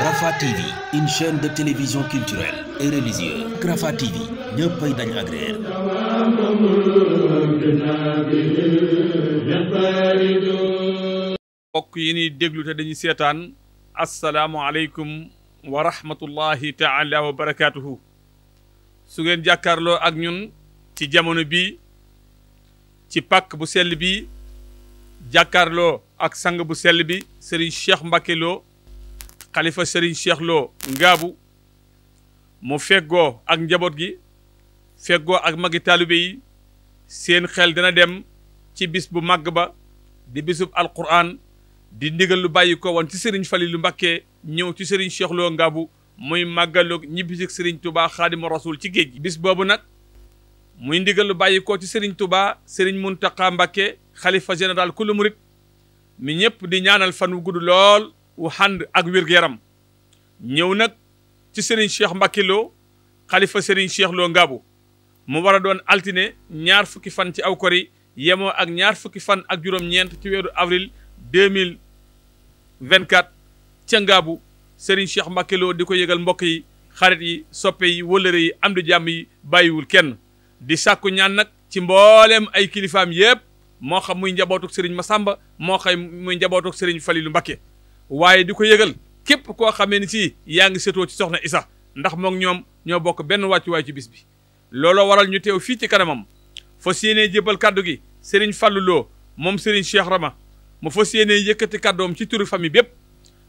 Rafah TV une chaîne de télévision culturelle et religieuse Rafah yi ñuy déglu te dañuy seetaan asalaamualeykum wa rahmatullahi taala wa barakaatuhu su ngeen jàkkaarloo ak ñun ci jamono bii ci pàkk bu sell bi jàkkaarloo ak sang bu sell bi Serigne Cheikh Mbacké Lo xalifa Serigne Cheikh Ngaabu mu feggoo ak njaboot gi feggoo ak magi taalibe yi seen xel dana dem ci bis bu màgg ba di bisub alquran di ndigal lu bàyyi ko woon ci fali lu Mbàkke ñëw ci Serigne Cheikh Lo Ngaabu muy màggalu ñibbisik Serigne Touba xaadima rasul ci géej gi. bis boobu nag muy ndigal lu bàyyi ko ci Serigne Touba Serigne Muntaqa Mbàkke xalifa général kulu murit mi ñëpp di ñaanal fan wu gudd lool. wu ànd ak wér yaram ñëw nag ci Serigne Cheikh Mbacké Lo xalifa Serigne Cheikh Lo mu war a doon altine ñaar fukki fan ci aw kori yemoo ak ñaar fukki fan ak juróom-ñeent ci weeru avril deux mille vingt quatre ca Serigne Cheikh Mbacké di ko yegal mbokk yi xarit yi soppe yi wëllëre yi am di jàmm yi bàyyiwul kenn di sàkku ñaan nag ci mbooleem ay kilifaam yépp moo xam muy njabootuk ma Massamba moo xam muy njabootuk Serigne Falilou Mbacké waaye di ko yëgal képp koo xamee ni si yaa ngi setoo ci soxna Isa ndax moom ñoom ñoo bokk benn wàccuwaay ci bis bi looloo waral ñu teew fii ci kanamam fas yéenee jébbal kàddu gi Serigne Fallou moom Serigne Cheikh Rama mu fas yéenee yëkkati kàddoom ci turu famille bépp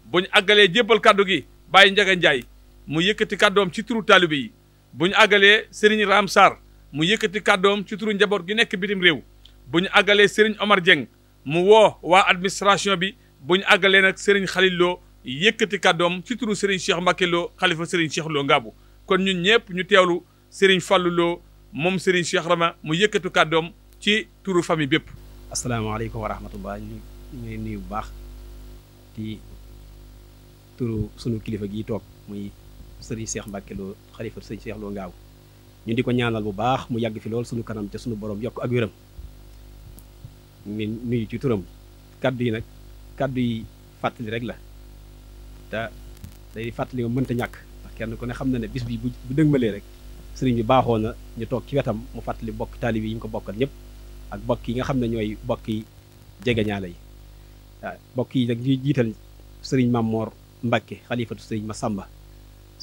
bu ñu àggalee jébbal kàddu gi Baye Ndiaga Ndiaye mu yëkkati kàddoom ci turu taalibe yi bu ñu àggalee Serigne Ram Sarr mu yëkkati kàddoom ci turu njaboot gi nekk bitim réew bu ñu àggalee Serigne Omar Dieng mu woo waa administration bi bu ñu àggalee nag Serigne Khalil Lo yëkkati kàddoom ci turu Serigne Cheikh Mbacké Lo xalifa Serigne Cheikh Lo kon ñu ñëpp ñu teewlu Serigne Fallou Lo moom Serigne Cheikh Rama mu yëkkati kàddoom ci turu famille bépp. asalaamaaleykum wa rahmatullah ñu ngi nuyu bu baax di turu sunu kilifa gi toog muy Serigne Cheikh Mbacké Lo xalifa Serigne Cheikh Lo ñu di ko ñaanal bu baax mu yàgg fi lool sunu kanam te sunu borom yokk ak wéram ñu nuyu ci turam kàddu yi nag. kàddu yi fàttali rek la day fàttali moom mënta ñàkk ndax kenn ku ne xam na ne bis bi bu bu dëgmalee rek sëriñ bi baaxoo na ñu toog ci wetam mu fàttali bokk taalib yi ñu ko bokkal ñépp ak bokk yi nga xam ne ñooy bokk yi jegeñaale yi waaw yi nag ñuy jiital sëriñ Mamor Mbacke xalifatu sëriñ sàmba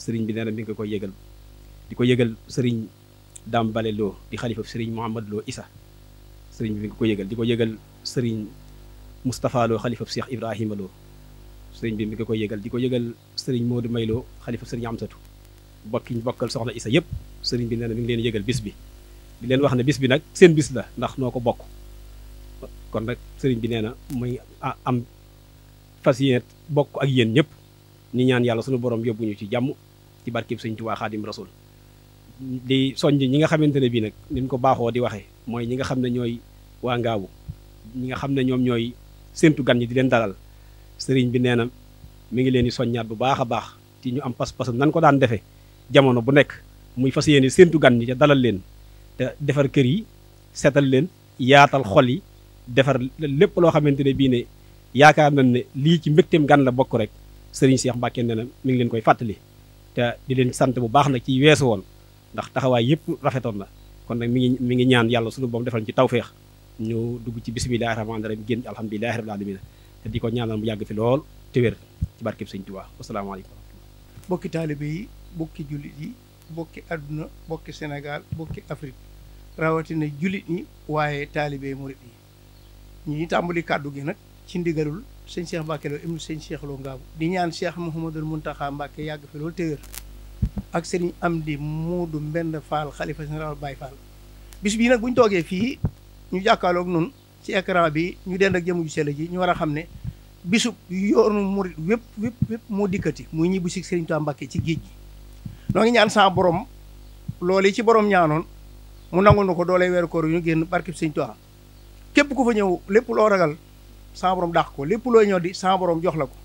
sëriñ bi nee na mi ngi ko koy yëgal di ko yëgal sëriñ Dame Bale Lo di xalifa sëriñ Mouhamad Lo Issa sëriñ bi mi ko yëgal di ko yëgal sëriñ Moustapha xalifa Cheikh Ibrahima Lo sëriñ bi mi ngi ko yëgal di ko yëgal sëriñ di mayloo xalifa sëriñ Amsatu bokki ñu bokkal soxla Isa yëpp sëriñ bi nee mi ngi leen yëgal bis bi di leen wax ne bis bi nag seen la ndax noo ko bokk kon nag sëriñ bi nee na muy ah, am fas yéene bokk ak yéen ñëpp ñu ñaan yàlla sunu borom ñu ci jàmm ci barkib sëriñ Tuubaa Xaadim Rasul di soññ ñi nga xamante ne bii nag niñ ko baaxoo di waxee mooy ñi nga xam ne ñooy waa ngaawu ñi nga xam ne ñoom ñooy séntu gan yi di leen dalal sëriñ bi nee na mi ngi leen di soññaat bu baax a baax ci ñu am pas-pasam nan ko daan defee jamono bu nekk muy fas yéene séntu gan ñi ca dalal leen te defar kër yi seetal leen yaatal xol yi defar lépp loo xamante ne bii ne yaakaar nañ ne lii ci mbégteem gan la bokk rek sëriñ Cheikh Mbacke nee na mi ngi leen koy fàttali te di leen sant bu baax nag ci weesu woon ndax taxawaay yëpp rafetoon na kon nag mi ngi mi ngi ñaan yàlla suñu boom defal ci tawféex ñëw dugg ci bisimilah rahmaani rahim génn alhamdulilahi rabil alamin te di ko ñaanal mu yàgg fi lool te wér ci barkeb sëñ Tuubaa asalaamaaleykum bokki taalibe yi bokki jullit yi bokki adduna bokki Sénégal bokki Afrique rawatina jullit ñi waaye taalibe murit yi ñi tàmbali kàddu gi nag ci ndigalul sëñ Cheikh Mbacke Lo ibnu sëñ Cheikh Lo Ngaabu di ñaan Cheikh Mouhamadul Mountakha Mbacke yàgg fi loolu te wér ak sëriñ Amdi Moodu Mbend Fall xalifa général Baye Fall bis bii nag bu toogee fii ñu jàkkaarloog nun ci écran bi ñu dend ak jëmu ju ñu war a xam ne bisu yoonu murit wépp wépp moo dikkati muy ñibbi si Sëriñ Tuubaa Mbàkke ci géej gi noo ngi ñaan saa boroom loolu yi ci borom ñaanoon mu nangul nu ko doole weeru ko yu ñu génn barkib Sëriñ Tuubaa képp ku fa ñëw lépp loo ragal sa borom dàq ko lépp loo ñëw di sa borom jox la ko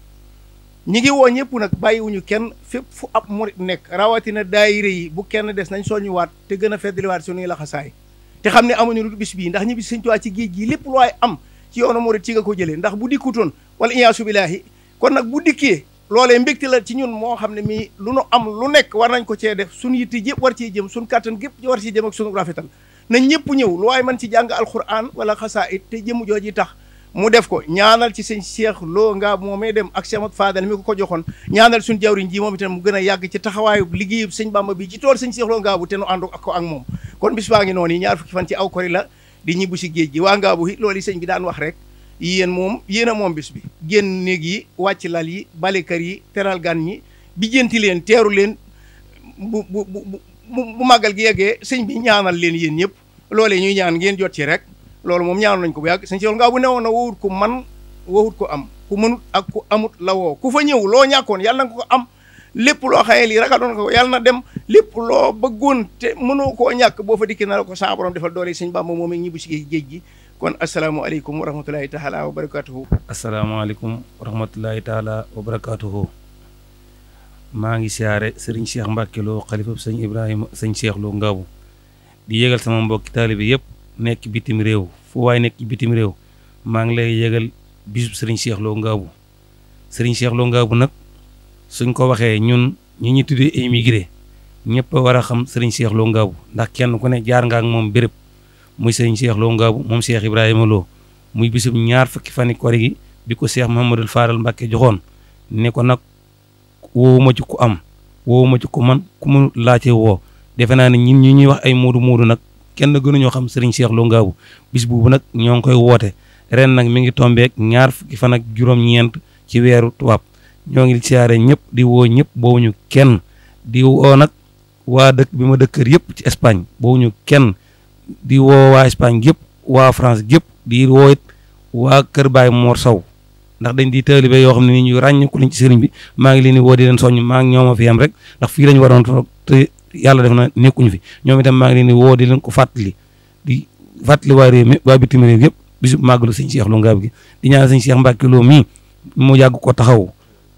ñi ngi woo ñëpp nag bàyyi bàyyiwuñu kenn fépp fu ab murit nekk rawatina daayira yi bu kenn des nañ soññuwaat te gën a feddliwaat suñuy laxasaay te xam ne amuñu lu bis bii ndax ñibbi sëñ Tuubaa ci géej gi lépp lu waay am ci yoonu murit ci ko jëlee ndax bu dikkutoon wala iyaasu billaahi kon nag bu dikkee loolee mbégte la ci ñun moo xam ne mii lu nu am lu nekk war nañ ko cee def suñu yitte yëpp war cee jëm suñu kàttan gépp war cee jëm ak suñu rafetal na ñëpp ñëw lu waay mën ci jàng alquran wala xasaayit te jëmu jooji tax mu def ko ñaanal ci sëñ loo Lo nga moomee dem ak Cheikh Fadel mi ko ko joxoon ñanal suñu jawriñ ji moom itam mu gën a yàgg ci taxawaayu liggéeyub sëñ Bamba bi ci tool sëñ Cheikh Lo Ngaabu te nu ànd ko ak moom kon bis baa ngi noonu yi ñaar fukki fan ci aw kori la di ñibbu si géej gi waa ngaabu it loolu sëñ bi daan wax rek yéen moom yéen a moom bis bi génn néeg yi wàcc lal yi bale kër yi teral gan ñi bijjanti leen teeru leen bu bu bu bu màggal gi yeggee sëñ bi ñaanal leen yéen ñëpp loolee ñuy ñaan ngeen jot ci rek loolu moom ñaanal nañ ko bu yàgg sëñ Seex Ngaabu newoon na wowut ko man wowut ko am ku mënut ak ku amut la woo ku fa ñëw loo ñàkkoon yàlla nga ko am lépp loo xayee lii ragaloon ko yàlla dem lépp loo te mënoo koo ñàkk boo fa dikki na ko saa borom defal doole sëñ Bàmba moom ñibbi si géej gi kon asalaamaaleykum wa rahmatulahi taala wa asalaamaaleykum wa rahmatulahi taala maa ngi siyaare sëriñ Cheikh Mbacke Lo xalifab sëñ Ibrahima sëñ Cheikh Lo Ngaabu di yëgal sama mbokki taalibe yëpp nekk bitim réew fu waay nekk bitim réew maa ngi lay yëgal bisub sëriñ Cheikh Lo Ngaabu sëriñ Cheikh Ngaabu nag. suñ ko waxee ñun ñi ñu tuddee émigré ñëpp war a xam sëriñ Cheikh Lo Ngaabu ndax kenn ku ne jaar nga moom béréb muy sëriñ Cheikh Lo Ngaabu moom Cheikh Ibrahima Lo muy bisum ñaar fukki fani kori gi bi ko Cheikh Mouhamadul Faaral Mbàkke joxoon ne ko nag woowuma ci ku am woowuma ci ku man ku mu laajte defe naa ne ñun ñi ñuy wax ay moodu moodu nag kenn ñoo xam sëriñ Cheikh Lo Ngaabu bis boobu nag ñoo ngi koy woote ren nag mi ngi tombeek ñaar fukki fan ak juróom-ñeent ci weeru tubaab ñoo ngi siyaare ñëpp di woo ñëpp ñu kenn di woo nag waa dëkk bi ma dëkkër yëpp ci Espagne ñu kenn di woo waa Espagne yëpp waa France yëpp di woo it waa Kër Baay Mor Sow ndax dañ di taalibe yoo xam ne ni ñu ràññeeku lañ ci sëriñ bi maa ngi leen di woo di leen soññ maa ngi ñoom a fi rek ndax fii lañu waroon toog yàlla def na nekkuñu fi ñoom itam maa ngi leen di woo di leen ko fàttali di fàttali waa réew mi waa bitim réew yëpp bisu màggalu sëñ Cheikh Lo Ngab gi di ñaan sëñ Cheikh mbaak kilo mii mu yàgg ko taxaw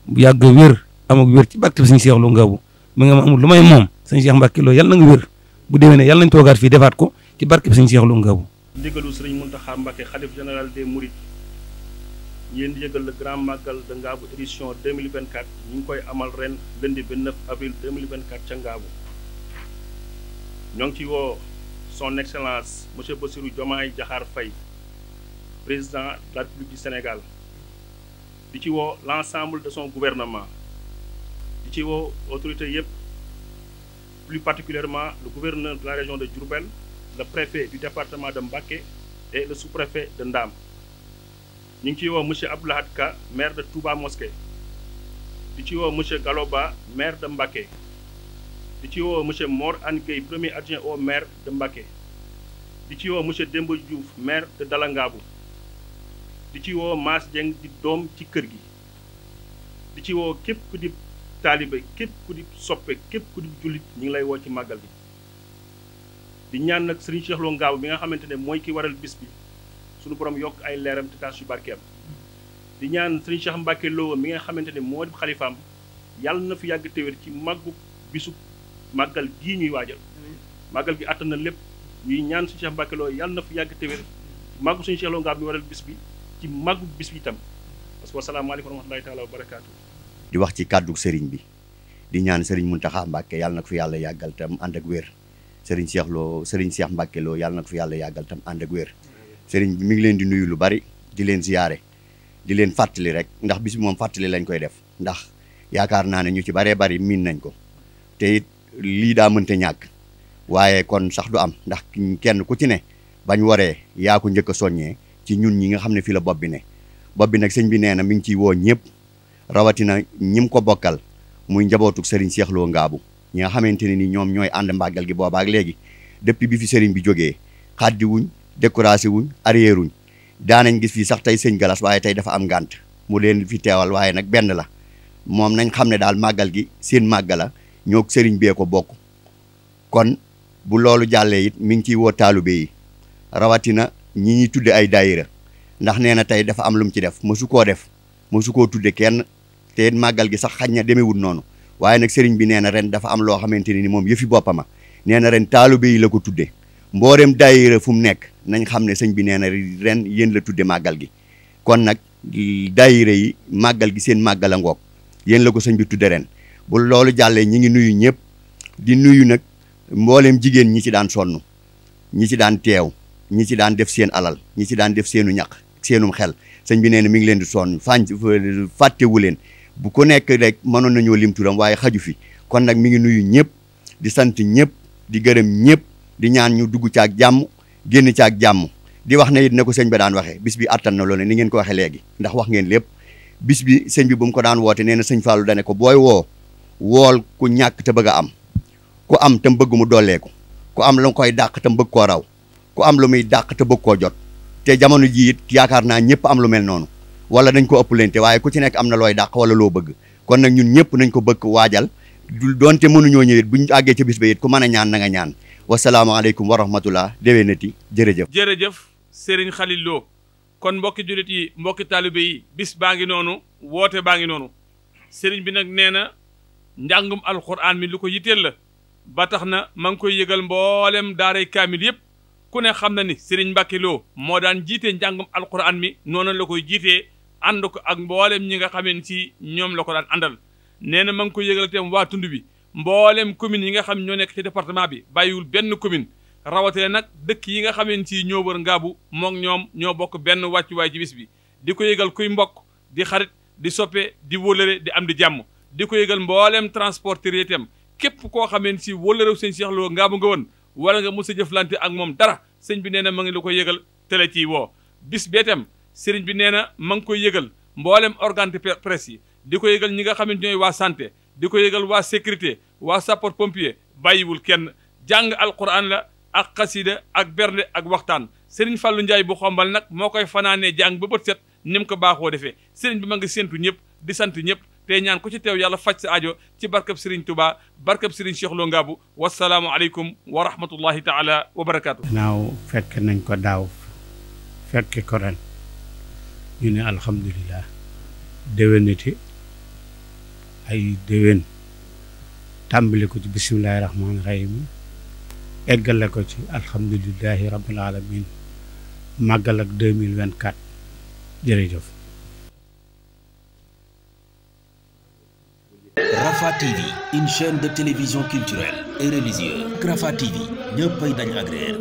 bu yàgg wér am ak wér ci bàkk bi suñu Seex Ngaabu mi nga ma amul lu may moom suñu Seex Mbàkke loolu yàlla na nga wér bu déwénee yàlla nañ toogaat fii defaat ko ci barke bi suñu Seex Lo Ngaabu ndigalu sëriñ Muntaxa Mbàkke xalif général des Mourides yéen yëgal le grand magal de Ngaabu édition 2024 ñu ngi koy amal ren lundi 29 avril 2024 ca Ngaabu ñoo ngi ci woo son excellence monsieur Bassirou Diomaye Diakhar Faye président de la République Sénégal di ci woo l'ensemble de son gouvernement di ci woo autorité yëpp plus particulièrement le gouverneur de la région de Diourbel le préfet di département de Mbacké et le sous-préfet de Ndam ñu ngi ciy woo monsieur Abdoulahad maire de Touba Mosquée di ci woo monsieur Galoba maire de Mbacké di ci woo monsieur Mor Anne Gueye premier adjoint au maire de Mbacké di ci woo monsieur Demba Diouf maire de Dalangabou di ci wow Mass Dieng di doom ci kër gi di ci woo képp ku di taalibe képp ku di soppe képp ku di jullit ñu ngi lay woo ci màggal bi di ñaan nag Serigne Cheikh ngaaw mi nga xamante ne mooy ki waral bis bi suñu borom yokk ay leeram te di ñaan Serigne Cheikh Mbacke mi nga xamante ne moo di xalifaam yàlla na fi yàgg téwér ci màggu bisu màggal gi ñuy waajal màggal gi àttan na lépp ñuy ñaan Serigne Cheikh Mbacke Lo yàlla na fi yàgg téwér màggu Serigne Cheikh Lo mi waral bis bi ci mag bis bi itam parce que wasalaamaaleykum wa rahmatulahi taala wa barakaatu. di wax ci kàddu sëriñ bi di ñaan sëriñ Muntaxa Mbàkke yàlla na ko fi yàlla yàggal tam ànd ak wér sëriñ Cheikh Lo sëriñ Mbàkke yàlla na ko fi yàlla yàggal tam ànd ak wér sëriñ bi mi ngi leen di nuyu lu bari di leen ziyaare di leen fàttali rek ndax bis bi moom fàttali lañ koy def ndax yaakaar naa ne ñu ci baree bari miin nañ ko te it lii daa mënta ñàkk waaye kon sax du am ndax kenn ku ci ne bañ waree yaa ko njëkk a soññee ci ñun ñi nga xam ne fii la bopp bi ne bopp bi nag sëñ bi nee na mi ngi ciy woo ñëpp rawatina ñim ko bokkal muy njabootug Serigne Cheikh Lo Ngaabu ñi nga xamante ne ni ñoom ñooy ànd mbàggal gi boobaak léegi depuis bi fi Serigne bi jógee xaddi wuñ découragé wuñ arrière wuñ daanañ gis fii sax tey sëñ galas waaye tey dafa am ngànt mu leen fi teewal waaye nag benn la moom nañ xam ne daal màggal gi seen màggal la ñoo sëriñ bee ko bokk kon bu loolu jàllee it mi ngi ciy woo taalibe yi rawatina ñi ñuy tudde ay daayira ndax nee na tey dafa am lu mu ci def mosu koo def mosu koo tudde kenn te màggal gi sax xañ na demewul noonu waaye nag sëriñ bi nee na ren dafa am loo xamante ni moom yëfi boppama nee na ren taalibe yi la ko tudde mboolem daayira fu mu nekk nañ xam ne sëñ bi nee na ren yéen la tudde màggal gi kon nag daayira yi màggal gi seen màggal a ngoog yéen la ko sëñ bi tudde ren bu loolu jàllee ñi ngi nuyu ñëpp di nuyu nag mboolem jigéen ñi ci daan sonn ñi ci daan teew ñi ci daan def seen alal ñi ci daan def seenu ñaq seenum xel sëñ bi nee na mi ngi leen di sonn fànn fàttewu leen bu ko nekk rek mënoon nañoo lim turam waaye xaju fi kon nag mi ngi nuyu ñëpp di sant ñëpp di gërëm ñëpp di ñaan ñu dugg caag jàmm génn caag jàmm di wax ne it ne ko sëñ ba daan waxee bis bi attan na loolu ni ngeen ko waxee léegi ndax wax ngeen lépp bis bi sëñ bi bu ko daan woote nee na sëñ Fallou dane ko booy woo wool ku ñàkk te bëgg a am ku am tam bëgg mu dolleeku ku am la koy dàq tam bëgg koo raw ku am lu muy dàq te bëgg koo jot te jamono jii it yaakaar naa ñëpp am lu mel noonu wala dañ ko ëpp ëppalante waaye ku ci nekk am na looy dàq wala loo bëgg kon nag ñun ñëpp nañ ko bëgg waajal doonte mënuñoo ñëw it buñ àggee ci bis ba it ku mën a ñaan na nga ñaan wasalaamaaleykum wa rahmatullah déwénati jërëjëf jërëjëf sëriñ Khalil Lo kon mbokki jullit yi mbokki taalibe yi bis baa ngi noonu woote baa ngi noonu sëriñ bi nag nee na njàngum alxuraan mi lu ko yitteel la ba tax na ma ngi koy yëgal mboolem daaray kaamil yëpp ku ne xam na ni Serigne Mbacke Lo moo daan jiite njàngum alquran mi noonu la koy jiitee ànd ko ak mboolem ñi nga xamee si ñoom la ko daan àndal nee na ma ngi ko yëgal itam waa tund bi mboolem commune yi nga xam ñoo nekk ci département bi bàyyiwul benn commune rawatee nag dëkk yi nga xamee si ñoo wër ngaabu mook ñoom ñoo bokk benn wàccuwaay ci bis bi di ko yëgal kuy mbokk di xarit di soppee di wólëre di am di jàmm di ko yëgal mboolem transporteur yi itam képp koo xamee si wólërew seen Cheikh Lo ngaabu nga woon wala nga mos a jëflante ak moom dara sëñ bi nee na ma ngi la ko yëgal tele ciy woo bis bee tam sëriñ bi nee na ma ngi koy yëgal mboolem organe de presse yi di ko yëgal ñi nga xamante ñooy waa sante di ko yégal waa sécurité waa sapeur pompier bàyyiwul kenn jàng alquran la ak xasida ak bernde ak waxtaan sëriñ Fallou Ndiaye bu xombal nag moo koy fanaanee jàng ba bët set ni ko baaxoo defee sëriñ bi ma ngi séntu ñëpp di sant ñëpp te ñaan ku ci teew yàlla faj si ajo ci barkab Serigne Touba barkab Serigne Cheikh Lo Ngabou wasalaamu aleykum wa rahmatullahi taala wa barakaatu. naaw fekk nañ ko daaw fekke ko ren ñu ne alhamdulilah déwéniti ay déwén tàmbali ko ci bisimilahi rahmaani rahim eggale ko ci alhamdulilahi rabbil alamin màggal ak deux vingt quatre Rafah TV une de télévision culturelle et religieuse Rafah TV ñëppay dañ agréer